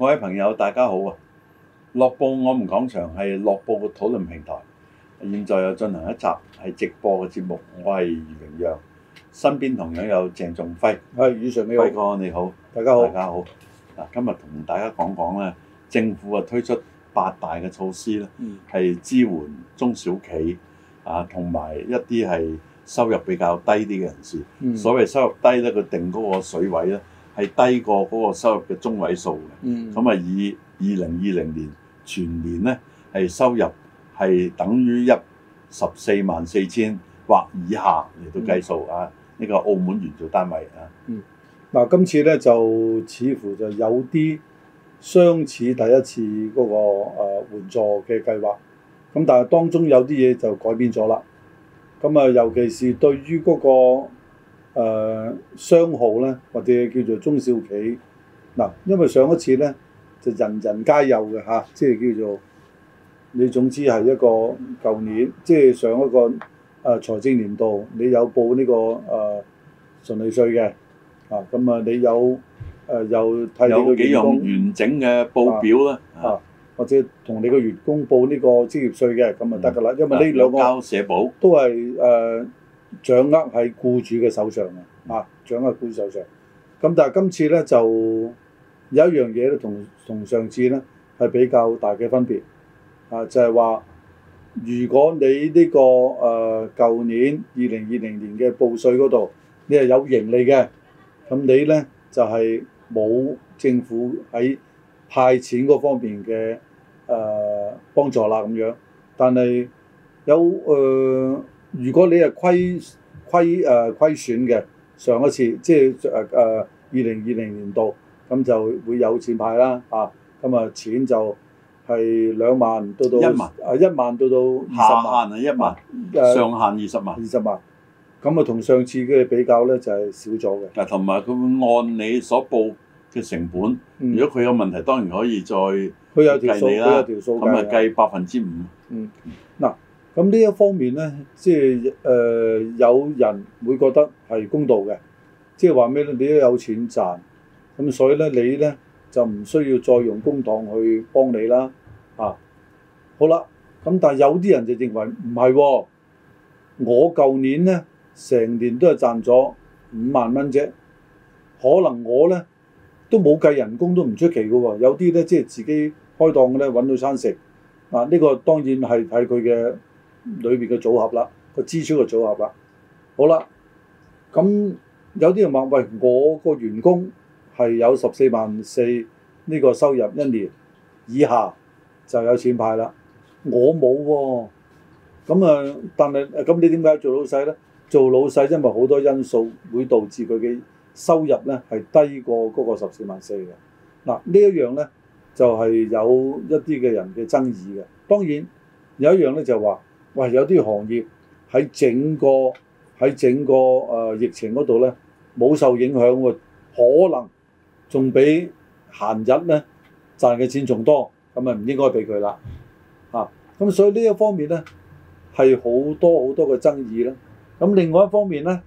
各位朋友，大家好啊！《樂報我們講場》係樂報嘅討論平台，現在又進行一集係直播嘅節目。我係余榮耀，身邊同樣有鄭仲輝。喂、哎，雨上呢有？輝哥你好，你好，大家好，大家好。嗱，今日同大家講講咧，政府啊推出八大嘅措施咧，係、嗯、支援中小企啊，同埋一啲係收入比較低啲嘅人士。嗯、所謂收入低咧，佢定嗰個水位咧。係低過嗰個收入嘅中位數嘅，咁啊、嗯、以二零二零年全年咧係收入係等於一十四萬四千或以下嚟到計數、嗯、啊，呢、呢個澳門元做單位啊。嗯，嗱、啊，今次咧就似乎就有啲相似第一次嗰、嗰個、啊、援助嘅計劃，咁但係當中有啲嘢就改變咗啦。咁啊，尤其是對於嗰、嗰個。誒、呃、商號咧，或者叫做中小企嗱，因為上一次咧就人人皆有嘅嚇、啊，即係叫做你總之係一個舊年，即係上一個誒、啊、財政年度，你有報呢、這個誒純、呃、利稅嘅啊，咁啊你有誒有、呃、替你嘅完整嘅報表啦啊，啊，或者同你嘅員工報呢個職業稅嘅，咁、嗯、就得㗎啦，因為呢兩個都係誒。呃掌握喺雇主嘅手上㗎，啊，掌握喺雇主手上。咁但係今次呢，就有一樣嘢咧同同上次呢係比較大嘅分別，啊就係、是、話，如果你呢、這個誒舊、呃、年二零二零年嘅報稅嗰度，你係有盈利嘅，咁你呢就係、是、冇政府喺派錢嗰方面嘅誒、呃、幫助啦咁樣。但係有誒。呃如果你係虧虧誒、呃、虧損嘅，上一次即係誒誒二零二零年度，咁就會有錢派啦嚇。咁啊錢就係兩萬到到一萬，啊一萬到到二十萬，下限啊一萬，呃、上限二十萬。二十萬咁啊，同上次嘅比較咧就係、是、少咗嘅。嗱，同埋佢按你所報嘅成本，嗯、如果佢有問題，當然可以再佢有條數啦。咁啊計百分之五。嗯，嗱。咁呢一方面咧，即係誒、呃、有人會覺得係公道嘅，即係話咩咧？你都有錢賺，咁所以咧你咧就唔需要再用公帑去幫你啦，啊好啦。咁但係有啲人就認為唔係喎，我舊年咧成年都係賺咗五萬蚊啫，可能我咧都冇計人工都唔出奇噶喎、哦。有啲咧即係自己開檔嘅咧揾到餐食，啊呢、這個當然係睇佢嘅。裏邊嘅組合啦，個支出嘅組合啦，好啦，咁有啲人話：喂，我個員工係有十四萬四呢個收入一年以下就有錢派啦，我冇喎、哦。咁啊，但係咁你點解做老細呢？做老細因為好多因素會導致佢嘅收入呢係低過嗰個十四萬四嘅。嗱，呢一樣呢就係、是、有一啲嘅人嘅爭議嘅。當然有一樣呢就話、是。喂，有啲行業喺整個喺整個誒、呃、疫情嗰度咧，冇受影響喎，可能仲比閒日咧賺嘅錢仲多，咁啊唔應該俾佢啦嚇。咁、啊、所以呢一方面咧係好多好多嘅爭議啦。咁另外一方面咧，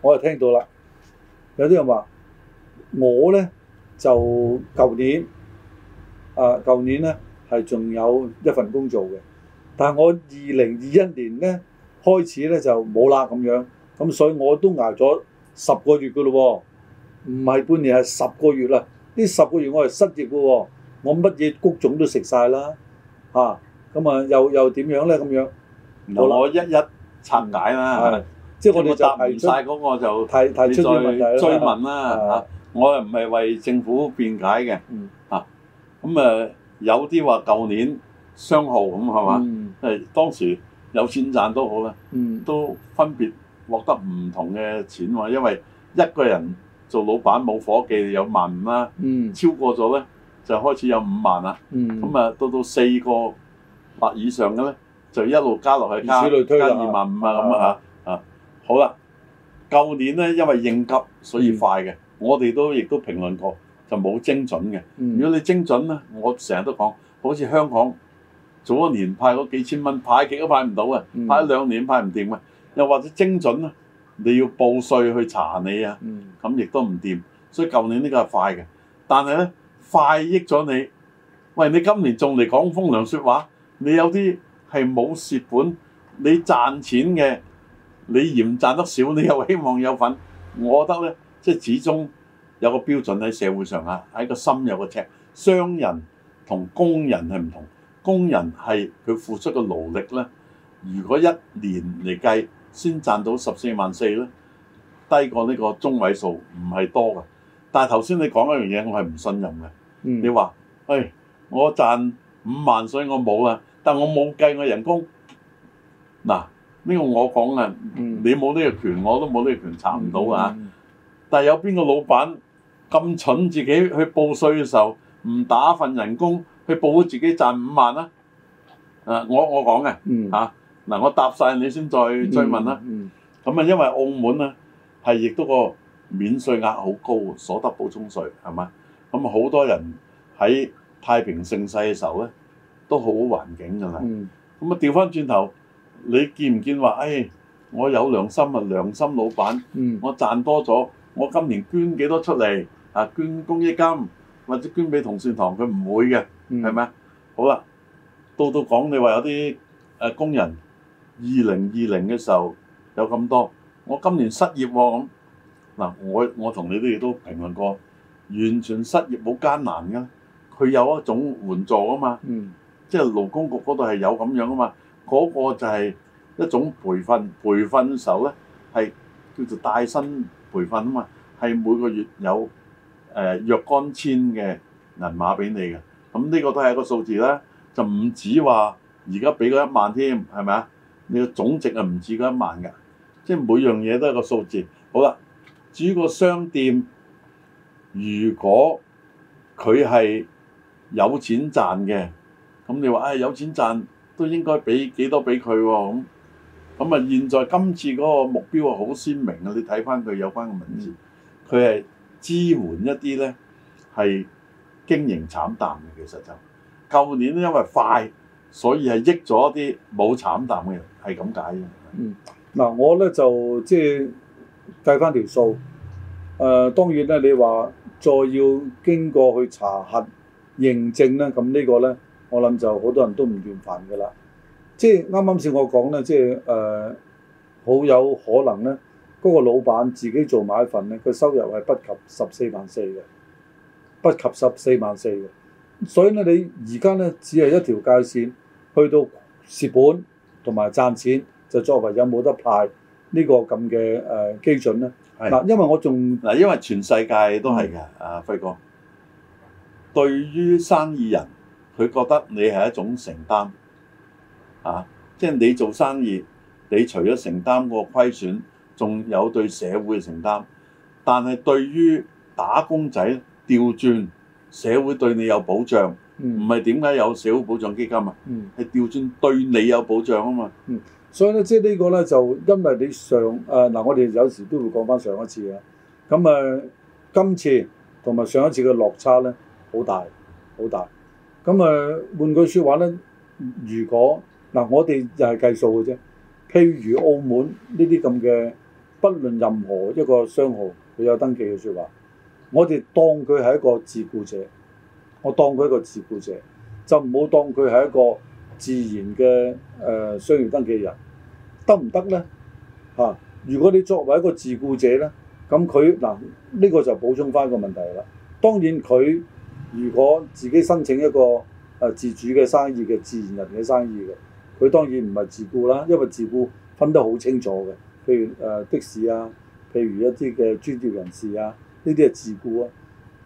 我又聽到啦，有啲人話我咧就舊年啊舊年咧係仲有一份工作嘅。但係我二零二一年咧開始咧就冇啦咁樣，咁所以我都挨咗十個月噶咯喎，唔係半年係十個月啦。呢十個月我係失業噶喎，我乜嘢谷種都食晒啦，嚇咁啊又又點樣咧咁樣？我一一拆解啦，的即係我哋就唔晒嗰個就太提，提出啲問題啦。的我係唔係為政府辯解嘅？嚇咁、嗯、啊有啲話舊年，商號咁係嘛？係當時有錢賺都好啦，都分別獲得唔同嘅錢喎。因為一個人做老闆冇夥計有萬五啦，超過咗咧就開始有五萬啦。咁啊，到到四個或以上嘅咧就一路加落去，加加二萬五啊咁啊嚇啊！好啦，舊年咧因為應急所以快嘅，我哋都亦都評論過就冇精準嘅。如果你精準咧，我成日都講好似香港，早一年派嗰幾千蚊派極都派唔到啊！派咗兩年派唔掂啊！嗯、又或者精準啊？你要報稅去查你啊！咁亦都唔掂，所以舊年呢個係快嘅。但係咧，快益咗你，喂，你今年仲嚟講風涼説話，你有啲係冇蝕本，你賺錢嘅，你嫌賺得少，你又希望有份，我覺得咧，即係始終有個標準喺社會上啊，喺個心有個尺，商人同工人係唔同。工人係佢付出嘅勞力咧，如果一年嚟計先賺到十四萬四咧，低過呢個中位數唔係多㗎。但係頭先你講一樣嘢，我係唔信任嘅。嗯、你話，誒、哎，我賺五萬，所以我冇啦。但我冇計我人工。嗱，呢、這個我講啊，你冇呢個權，我都冇呢個權查唔到啊。嗯、但係有邊個老闆咁蠢，自己去報稅嘅時候唔打份人工？佢報自己賺五萬啦，啊！我我講嘅嚇嗱，我答曬你先再再問啦。咁啊，因為澳門啊係亦都個免稅額好高，所得補充稅係嘛？咁好多人喺太平盛世嘅時候咧，都好環境㗎嘛。咁啊，調翻轉頭，你見唔見話？誒，我有良心啊，良心老闆，我賺多咗，我今年捐幾多出嚟啊？捐公益金或者捐俾同善堂，佢唔會嘅。係咩？好啦，到到講你話有啲誒工人二零二零嘅時候有咁多，我今年失業喎，咁嗱，我我同你哋亦都評論過，完全失業冇艱難噶，佢有一種援助啊嘛，嗯、即係勞工局嗰度係有咁樣啊嘛，嗰、嗰個就係一種培訓，培訓手候咧係叫做帶薪培訓啊嘛，係每個月有誒若干千嘅銀碼俾你嘅。咁呢個都係一個數字咧，就唔止話而家俾嗰一萬添，係咪啊？你個總值啊唔止嗰一萬㗎，即係每樣嘢都係一個數字。好啦，至於個商店，如果佢係有錢賺嘅，咁你話唉、哎、有錢賺，都應該俾幾多俾佢喎？咁咁啊，現在今次嗰個目標啊好鮮明啊！你睇翻佢有關嘅文字，佢係支援一啲咧，係。經營慘淡嘅，其實就舊年因為快，所以係益咗一啲冇慘淡嘅人。係咁解嘅。嗯，嗱我咧就即係計翻條數，誒、呃、當然咧你話再要經過去查核認證咧，咁呢個咧我諗就好多人都唔願煩嘅啦。即係啱啱先我講咧，即係誒好有可能咧，嗰、那個老闆自己做買一份咧，佢收入係不及十四萬四嘅。不及十四萬四嘅，所以咧，你而家咧只係一條界線，去到蝕本同埋賺錢就作為有冇得派呢個咁嘅誒基準咧。嗱的，因為我仲嗱，因為全世界都係嘅，嗯，阿輝哥。對於生意人，佢覺得你係一種承擔，啊，即係你做生意，你除咗承擔個虧損，仲有對社會嘅承擔，但係對於打工仔調轉社會對你有保障，唔係點解有社會保障基金啊？係調轉對你有保障啊嘛。所以咧，即係呢個咧就因為你上誒嗱，我哋有時都會講返上一次啊。咁誒，今次同埋上一次嘅落差咧，好大好大。咁誒，換句説話咧，如果嗱，我哋又係計數嘅啫。譬如澳門呢啲咁嘅，不論任何一個商號，佢有登記嘅説話。我哋當佢係一個自僱者，我當佢一個自僱者，就唔好當佢係一個自然嘅誒商業登記人，得唔得呢？嚇、啊！如果你作為一個自僱者呢，咁佢嗱呢個就補充翻一個問題啦。當然佢如果自己申請一個誒、呃、自主嘅生意嘅自然人嘅生意嘅，佢當然唔係自僱啦，因為自僱分得好清楚嘅，譬如誒、呃、的士啊，譬如一啲嘅專業人士啊。呢啲係自僱啊！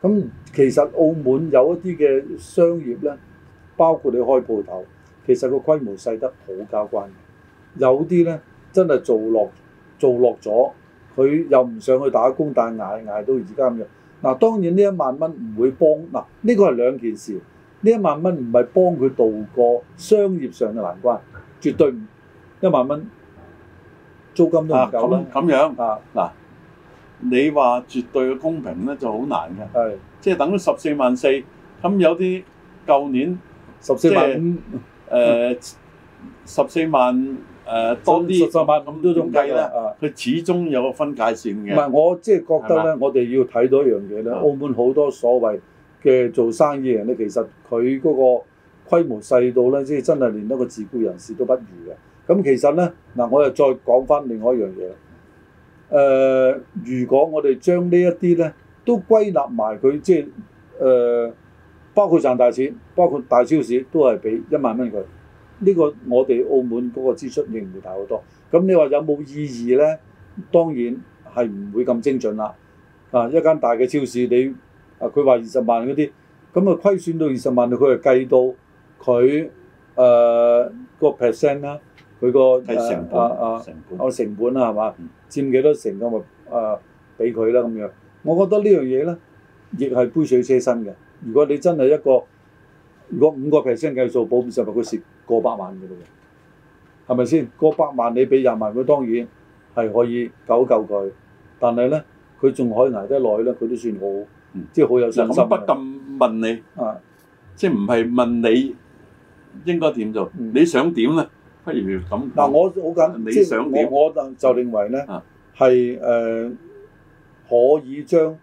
咁、嗯、其實澳門有一啲嘅商業咧，包括你開鋪頭，其實個規模細得好交關嘅。有啲呢真係做落做落咗，佢又唔想去打工，但係捱捱，捱到而家咁樣。嗱、啊，當然呢一萬蚊唔會幫嗱，呢個係兩件事。呢一萬蚊唔係幫佢渡過商業上嘅難關，絕對唔，一萬蚊租金都唔夠。啊，咁樣，樣啊嗱。你話絕對嘅公平咧就好難嘅。係即係等於十四萬四，咁有啲舊年十四萬五，誒十四萬誒多啲十四萬咁都仲計啦，佢始終有個分界線嘅。唔係我即係覺得咧，我哋要睇到一樣嘢咧。澳門好多所謂嘅做生意人咧，其實佢嗰個規模細到咧，即係真係連一個自雇人士都不如嘅。咁其實咧，嗱我又再講翻另外一樣嘢。誒、呃，如果我哋將呢一啲咧都歸納埋佢，即係誒、呃，包括賺大錢，包括大超市都係俾一萬蚊佢。呢、呢個我哋澳門嗰個支出亦唔會大好多。咁你話有冇意義咧？當然係唔會咁精準啦。啊，一間大嘅超市你，你啊，佢話二十萬嗰啲，咁啊虧損到二十萬，佢係計到佢誒、呃、個 percent 啦。佢個成誒我成本啊，係嘛佔幾多成咁啊？誒俾佢啦咁樣？我覺得呢樣嘢咧，亦係杯水車薪嘅。如果你真係一個，如果五個 percent 計數保五十萬，佢蝕過百萬嘅咯，係咪先？過百萬你俾廿萬，佢當然係可以救一救佢。但係咧，佢仲可以捱得耐咧，佢都算好，嗯、即係好有信心嘅。咁不禁問你啊，的即係唔係問你應該點做？嗯、你想點啊？不如咁嗱、啊，我好緊，你想你我我就就認為咧，係誒、啊呃、可以將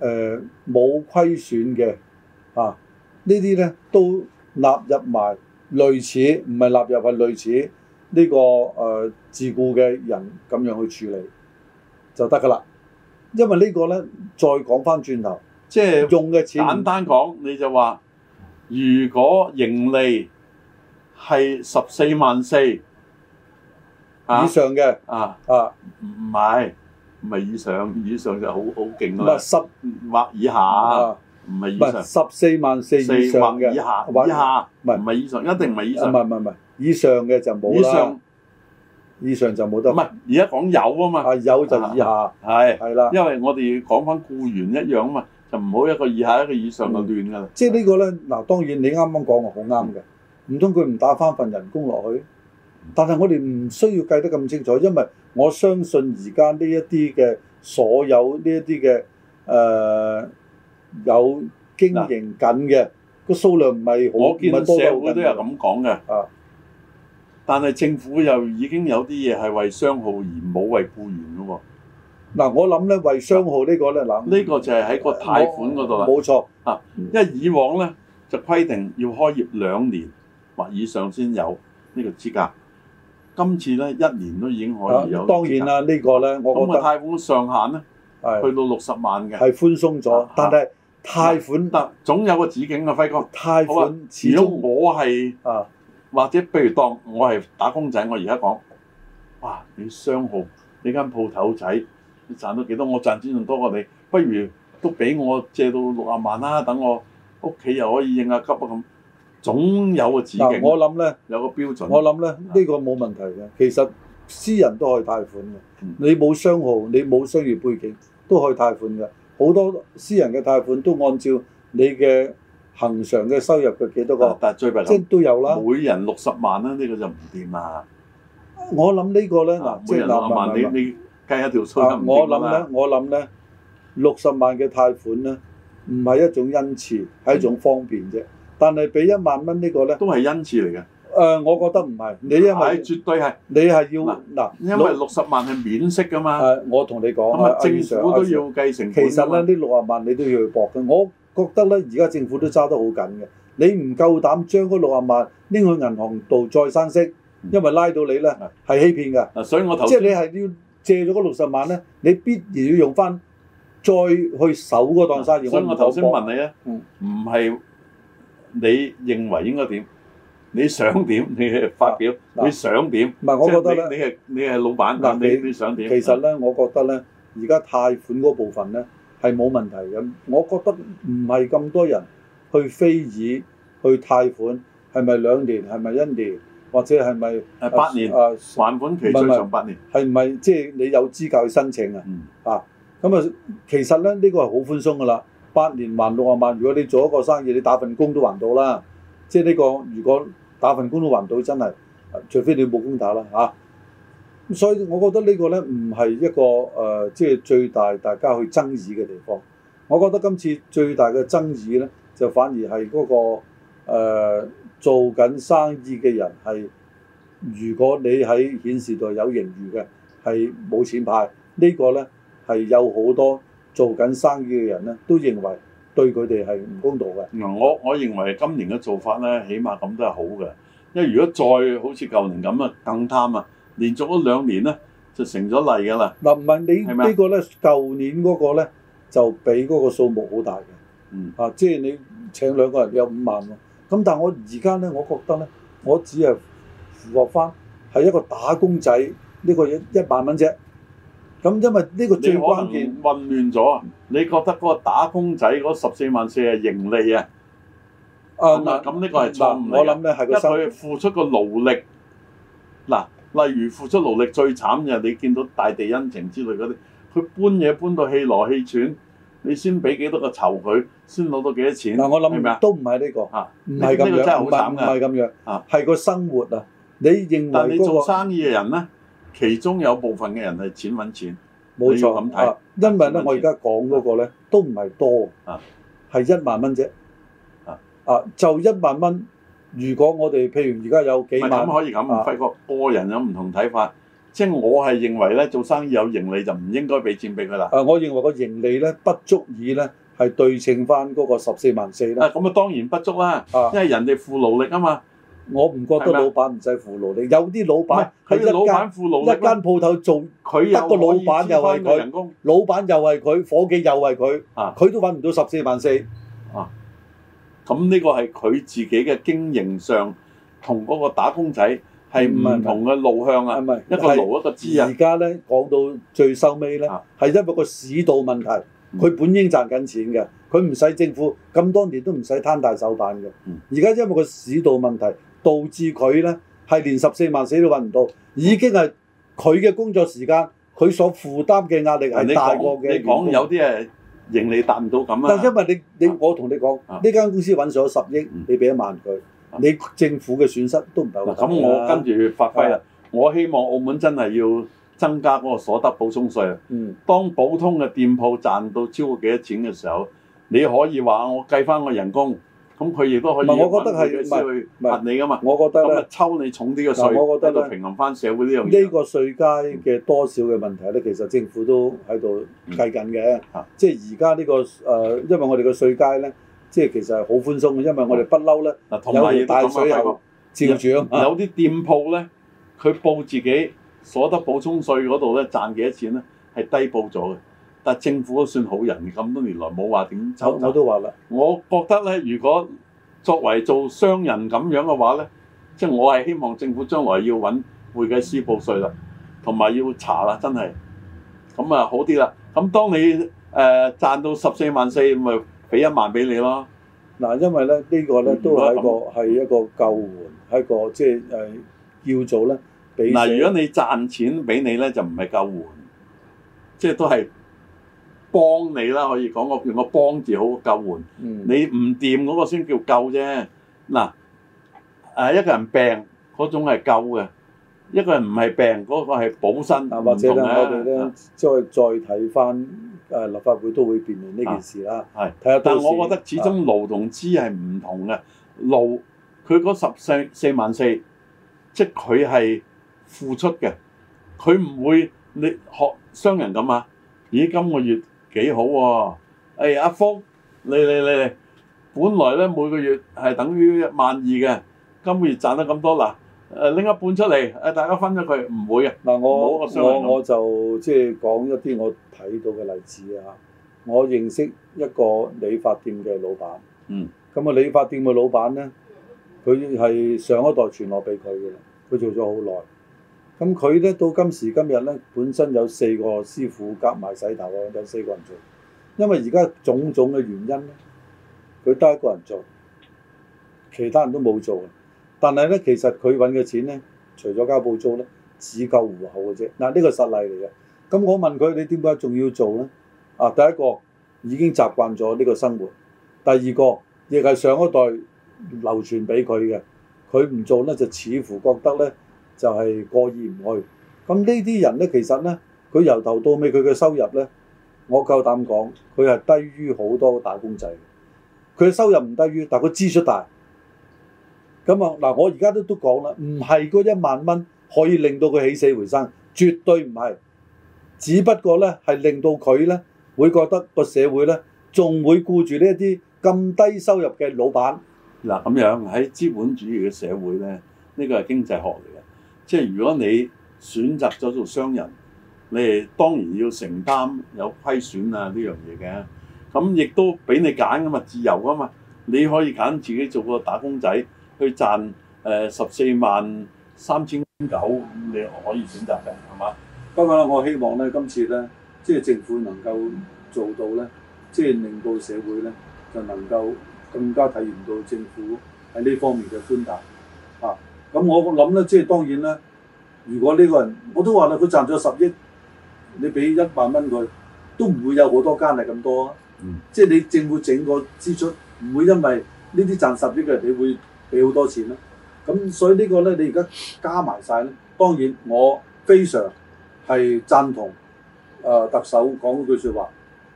誒冇、呃、虧損嘅啊呢啲咧都納入埋類似，唔係納入係類似呢、呢個誒、呃、自僱嘅人咁樣去處理就得㗎啦。因為個呢個咧再講翻轉頭，即係是 用嘅的錢簡單講，你就話如果盈利。係十四萬四以上嘅，啊啊唔唔係唔係以上，以上就好好勁啦。唔係十或以下，唔係以上。十四萬四以上嘅、以下，以下唔係唔係以上，一定唔係以上。唔係唔係以上嘅就冇啦。以上、以上就冇得。唔係而家講有啊嘛。啊有就以下，係係啦。因為我哋要講返僱員一樣啊嘛，就唔好一個以下一個以上就亂噶啦。即係呢個咧，嗱當然你啱啱講我好啱嘅。唔通佢唔打翻份人工落去？但係我哋唔需要計得咁清楚，因為我相信而家呢一啲嘅所有呢一啲嘅誒有經營緊嘅個數量唔係好我唔見係多嘅。都有咁講嘅啊，但係政府又已經有啲嘢係為商號而冇為僱員嘅喎。嗱、啊，我諗咧為商號呢個咧，嗱呢、啊、個就係喺個貸款嗰度，冇錯啊，因為以往咧就規定要開業兩年。百以上先有呢個資格。今次咧一年都已經可以有。當然啦，這個、呢個咧，我覺得貸款上限咧，是去到六十萬嘅，係寬鬆咗。啊、但係貸款得總有個止境啊，輝哥。貸款泰補 吧始終我係、啊、或者譬如當我係打工仔，我而家講，哇！你商號你間鋪頭仔，你賺到幾多？我賺錢仲多過你，不如都俾我借到六啊萬啦，等我屋企又可以應下急啊咁。總有個指引，啊、我諗呢有個標準。我諗咧呢、呢個冇問題嘅。其實私人都可以貸款嘅。嗯、你冇商號，你冇商業背景都可以貸款嘅。好多私人嘅貸款都按照你嘅恒常嘅收入嘅幾多個，啊、但最即係都有啦。每人六十萬啦、啊，呢、呢個就唔掂啦。我諗呢個咧嗱，每人六十萬，你你計一條數我諗咧，我諗咧，六十萬嘅貸款咧，唔係一種恩賜，係一種方便啫。但係俾一萬蚊呢個咧，都係恩賜嚟嘅。誒，我覺得唔係，你因為係絕對係，你係要嗱，因為六十萬係免息噶嘛。我同你講啊，正常都要計成本。其實咧，呢六十萬你都要去搏嘅。我覺得咧，而家政府都揸得好緊嘅。你唔夠膽將嗰六十萬拎去銀行度再生息，因為拉到你咧係欺騙㗎。啊，所以我即係你係要借咗嗰六十萬咧，你必然要用翻，再去守嗰檔生意。所以我頭先問你咧，唔係。你認為應該點？你想點？你發表你想點？唔係、啊、即係我覺得咧，你係你係老闆嗱、啊，你你想點？其實咧，我覺得咧，而家貸款嗰部分咧係冇問題嘅。我覺得唔係咁多人去非議去貸款，係咪兩年？係咪一年？或者係咪？誒，八年啊，還款期最長八年。係唔係即係你有資格去申請啊？啊、嗯，咁啊，其實咧呢、呢個係好寬鬆噶啦。八年還六十萬，如果你做一個生意，你打份工都還到啦。即係呢個，如果打份工都還到，真係除非你冇工打啦嚇、啊。所以我覺得呢個呢，唔係一個誒、呃，即係最大大家去爭議嘅地方。我覺得今次最大嘅爭議呢，就反而係嗰、那個、呃、做緊生意嘅人係，如果你喺顯示度有盈餘嘅，係冇錢派呢、這個呢，係有好多。做緊生意嘅人咧，都認為對佢哋係唔公道嘅。嗱、嗯，我我認為今年嘅做法咧，起碼咁都係好嘅。因為如果再好似舊年咁啊，更貪啊，連續咗兩年咧，就成咗例㗎啦。嗱、嗯，唔係你呢個嗎個咧，舊年嗰個咧，就畀嗰個數目好大嘅。嗯。啊，即係你請兩個人有五萬喎、啊。咁但係我而家咧，我覺得咧，我只係符合翻係一個打工仔呢、呢個一一萬蚊啫。咁因為呢個最關鍵混亂咗啊！你覺得嗰個打工仔嗰十四萬四係盈利啊？啊，咁呢個係錯唔嚟噶？因為佢付出個勞力，嗱，例如付出勞力最慘嘅，你見到大地恩情之類嗰啲，佢搬嘢搬到氣來氣喘，你先俾幾多個籌佢，先攞到幾多錢？嗱，我諗都唔係呢個，唔係咁樣，唔係咁樣，啊，係個生活啊！你認為你做生意嘅人咧？其中有部分嘅人係錢揾錢，冇錯，咁睇，因為咧，錢錢我而家講嗰個咧都唔係多啊，係一萬蚊啫啊！啊，就一萬蚊。如果我哋譬如而家有幾萬，咁可以咁啊？輝哥個人有唔同睇法，即係我係認為咧，做生意有盈利就唔應該俾錢俾佢啦。啊，我認為個盈利咧不足以咧係對稱翻嗰個十四萬四啦。咁啊當然不足啦，因為人哋付勞力啊嘛。啊啊啊啊啊我唔覺得老闆唔使付勞力，有啲老闆喺一間一間鋪頭做，佢一個老闆又係佢，老闆又係佢，伙計又係佢，啊，佢都搵唔到十四萬四啊。咁呢個係佢自己嘅經營上同嗰個打工仔係唔同嘅路向啊，唔係一個勞一個資啊。而家咧講到最收尾咧，係因為個市道問題，佢本應賺緊錢嘅，佢唔使政府咁多年都唔使攤大手板嘅。而家因為個市道問題。導致佢咧係連十四萬死都揾唔到，已經係佢嘅工作時間，佢所負擔嘅壓力係大過嘅。你講有啲誒盈利達唔到咁啊！但係因為你你我同你講呢間公司揾咗十億，嗯、你俾一萬佢，啊、你政府嘅損失都唔夠。咁、啊、我跟住去發揮啦！吧我希望澳門真係要增加嗰個所得補充稅啊！嗯、當普通嘅店鋪賺到超過幾多錢嘅時候，你可以話我計翻個人工。咁佢亦都可以問佢，先去問你噶嘛？我覺得咧，抽你重啲嘅稅喺度平衡翻社會，呢樣呢個稅階嘅多少嘅問題咧，其實政府都喺度計緊嘅。嗯、即係而家呢個誒、呃，因為我哋嘅稅階咧，即係其實係好寬鬆嘅，因為我哋不嬲咧嗱，同埋帶水又照住有啲店鋪咧，佢報自己所得補充稅嗰度咧，賺幾多錢咧，係低報咗嘅。但政府都算好人，咁多年來冇話點走。我都話啦，我覺得咧，如果作為做商人咁樣嘅話咧，即係我係希望政府將來要揾會計師報稅啦，同埋要查啦，真係咁啊好啲啦。咁當你誒賺到十四萬四，咪俾一萬俾你咯。嗱，因為咧呢個咧都係個係一個救援，一個即係係叫做咧。嗱，如果你賺錢俾你咧，就唔係救援，即係都係。幫你啦，可以講個用個幫字好救援。嗯、你唔掂嗰個先叫救啫。嗱，誒一個人病嗰種係救嘅，一個人唔係病嗰個係補身。啊，唔同啊！我哋咧再再睇翻誒立法會都會辯論呢件事啦。係，看看，但係我覺得始終勞同資係唔同嘅。勞佢嗰十四四萬四，即係佢係付出嘅，佢唔會你學商人咁啊！咦，今個月。幾好喎、啊！誒、哎、阿福，你你你，本來咧每個月係等於一萬二嘅，今個月賺得咁多，嗱，誒拎一半出嚟，誒大家分咗佢，唔會嘅。嗱我要我我，我就即係講一啲我睇到嘅例子啊！我認識一個理髮店嘅老闆，嗯，咁啊理髮店嘅老闆咧，佢係上一代傳落俾佢嘅，佢做咗好耐。咁佢咧到今時今日咧，本身有四個師傅夾埋洗頭啊，有四個人做。因為而家種種嘅原因咧，佢得一個人做，其他人都冇做。但係咧，其實佢揾嘅錢咧，除咗交舖租咧，只夠糊口嘅啫。嗱、啊，呢個實例嚟嘅。咁我問佢：你點解仲要做咧？啊，第一個已經習慣咗呢個生活；第二個亦係上一代流傳俾佢嘅，佢唔做咧就似乎覺得咧。就係過意唔去，咁呢啲人咧，其實咧，佢由頭到尾佢嘅收入咧，我夠膽講，佢係低於好多打工仔嘅。佢嘅收入唔低於，但係佢支出大。咁啊，嗱，我而家都都講啦，唔係嗰一萬蚊可以令到佢起死回生，絕對唔係。只不過咧，係令到佢咧會覺得個社會咧仲會顧住呢一啲咁低收入嘅老闆。嗱，咁樣喺資本主義嘅社會咧，呢個係經濟學嚟。即係如果你選擇咗做商人，你係當然要承擔有虧損啊呢樣嘢嘅。咁亦都俾你揀噶嘛，自由噶嘛。你可以揀自己做個打工仔去賺誒十四萬三千九，咁、呃、你可以選擇嘅，係嘛？不過咧，我希望咧，今次咧，即係政府能夠做到咧，即係令到社會咧，就能夠更加體驗到政府喺呢方面嘅寬大。咁我諗咧，即係當然咧，如果呢個人，我都話啦，佢賺咗十億，你俾一萬蚊佢，都唔會有好多間係咁多啊。嗯，即係你政府整個支出，唔會因為呢啲賺十億嘅人，你會俾好多錢咯。咁所以呢個咧，你而家加埋晒咧，當然我非常係贊同誒、呃、特首講嗰句説話。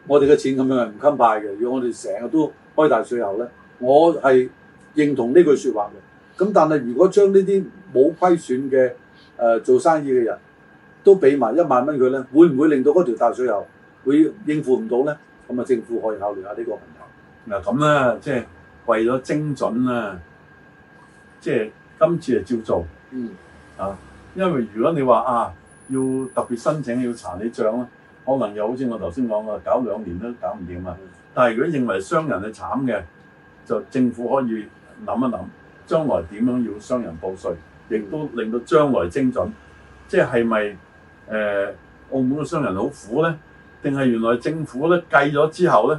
我哋嘅錢咁樣係唔襟派嘅，如果我哋成日都開大水喉咧，我係認同呢句説話嘅。咁但係如果將呢啲冇虧損嘅誒、呃、做生意嘅人都俾埋一萬蚊佢咧，會唔會令到嗰條大水喉會應付唔到咧？咁啊，政府可以考慮下呢個問題。嗱咁咧，即係為咗精準啦，即係今次係照做。嗯。啊，因為如果你話啊要特別申請要查你帳咧，可能又好似我頭先講嘅，搞兩年都搞唔掂啊。但係如果認為商人係慘嘅，就政府可以諗一諗。將來點樣要商人報稅，亦都令到將來精準。即係咪誒？澳門嘅商人好苦咧，定係原來政府咧計咗之後咧，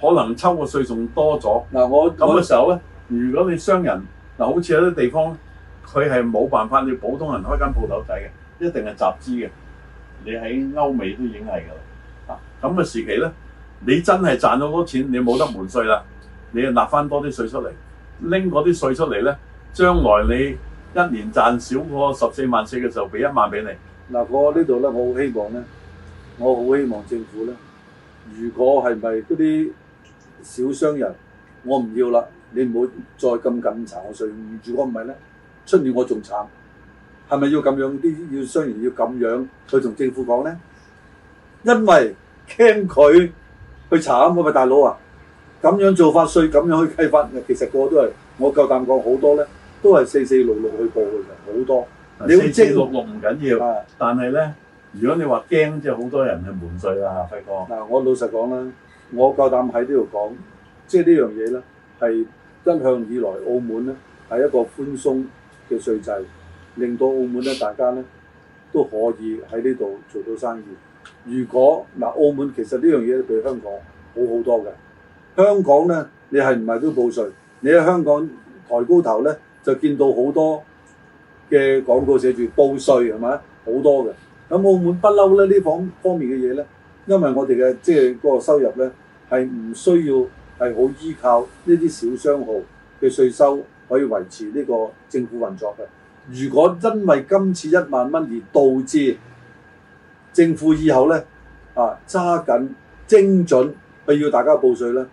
可能抽個稅仲多咗。嗱我，我咁嘅時候咧，我如果你商人嗱，好似有啲地方，佢係冇辦法要普通人開間鋪頭仔嘅，一定係集資嘅。你喺歐美都已經係㗎啦。啊，咁嘅時期咧，你真係賺到好多錢，你冇得瞞稅啦，你就納翻多啲稅出嚟。拎嗰啲稅出嚟咧，將來你一年賺少過十四萬四嘅時候，俾一萬俾你。嗱、這個，我呢度咧，我好希望咧，我好希望政府咧，如果係咪嗰啲小商人，我唔要啦，你唔好再咁緊查我稅。如果唔係咧，出年我仲慘。係咪要咁樣啲要商人要咁樣去同政府講咧？因為驚佢去查我咪大佬啊！咁樣做法稅，咁樣去計法，其實個個都係，我夠膽講好多咧，都係四四六六去報嘅人好多。四四六六唔緊要啊，但係咧，如果你話驚，即係好多人係瞞稅啦嚇，輝哥。嗱，我老實講啦，我夠膽喺呢度講，即係呢樣嘢咧，係一向以來澳門咧係一個寬鬆嘅稅制，令到澳門咧大家咧都可以喺呢度做到生意。如果嗱澳門其實呢樣嘢比香港好好多嘅。香港咧，你係唔係都要報稅？你喺香港抬高頭咧，就見到好多嘅廣告寫住報稅，係咪好多嘅？咁澳門不嬲咧呢方方面嘅嘢咧，因為我哋嘅即係嗰個收入咧係唔需要係好依靠呢啲小商號嘅稅收可以維持呢個政府運作嘅。如果因為今次一萬蚊而導致政府以後咧啊揸緊精準去要大家報稅咧？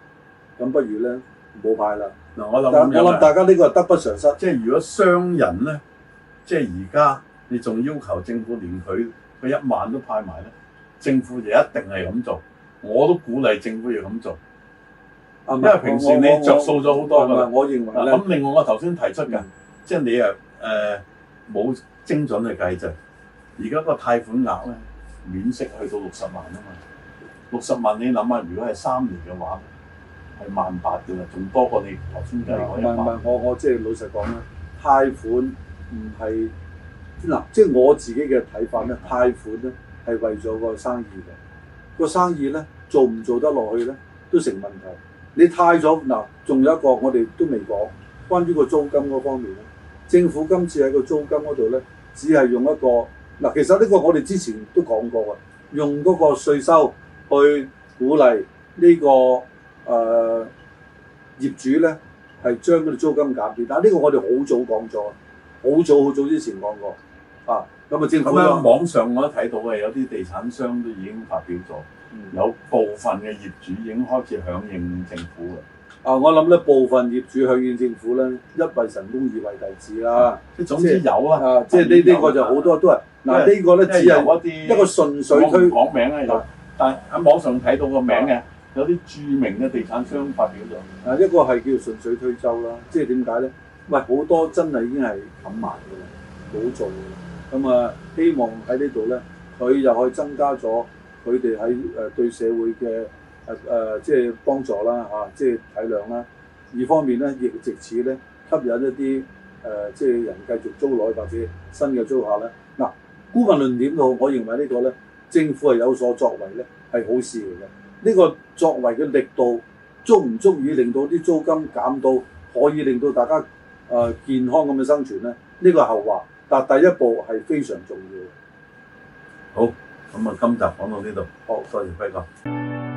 咁不如咧冇派啦！嗱，但我諗我諗大家呢個得不償失。即係如果商人咧，即係而家你仲要求政府連佢佢一萬都派埋咧，政府就一定係咁做。我都鼓勵政府要咁做，啊、因為平時你着數咗好多噶。我認為咁另外我頭先提出嘅，即係、嗯、你誒誒冇精準嘅計製。而家個貸款額咧，免息去到六十萬啊嘛，六十萬你諗下，如果係三年嘅話。係萬八嘅，仲多過你頭先計嗰一百。唔係唔係，我我即係老實講咧，貸款唔係嗱，即係我自己嘅睇法咧，貸款咧係為咗個生意嘅、個生意咧做唔做得落去咧都成問題。你貸咗嗱，仲有一個我哋都未講，關於個租金嗰方面咧，政府今次喺個租金嗰度咧，只係用一個嗱，其實呢個我哋之前都講過嘅，用嗰個稅收去鼓勵呢、個。誒、呃、業主咧係將嗰啲租金減低，但係呢個我哋好早講咗，好早好早之前講過啊。咁啊，政府咁樣嗎網上我都睇到嘅，有啲地產商都已經發表咗，有部分嘅業主已經開始響應政府嘅。嗯、啊，我諗咧部分業主響應政府咧，一為神功為，二為弟子啦。總之有啦。啊，即係呢呢個就好多、啊、都係嗱呢個咧，只由一啲一個純粹講名咧，但係喺網上睇到個名嘅。嗯嗯有啲著名嘅地產商發表咗啊，一個係叫順水推舟啦，即係點解咧？喂，好多真係已經係冚埋㗎喇，冇做㗎喇。咁啊，希望喺呢度咧，佢又可以增加咗佢哋喺誒對社會嘅誒誒，即係幫助啦嚇、啊，即係體諒啦。二方面咧，亦藉此咧吸引一啲誒、呃，即係人繼續租來或者新嘅租客咧。嗱、呃，姑勿論點都，我認為個呢個咧，政府係有所作為咧，係好事嚟嘅。呢個作為嘅力度足唔足以令到啲租金減到可以令到大家誒、呃、健康咁嘅生存咧？呢、呢個後話，但第一步係非常重要嘅。好，咁啊，今集講到呢度。好，多謝輝哥。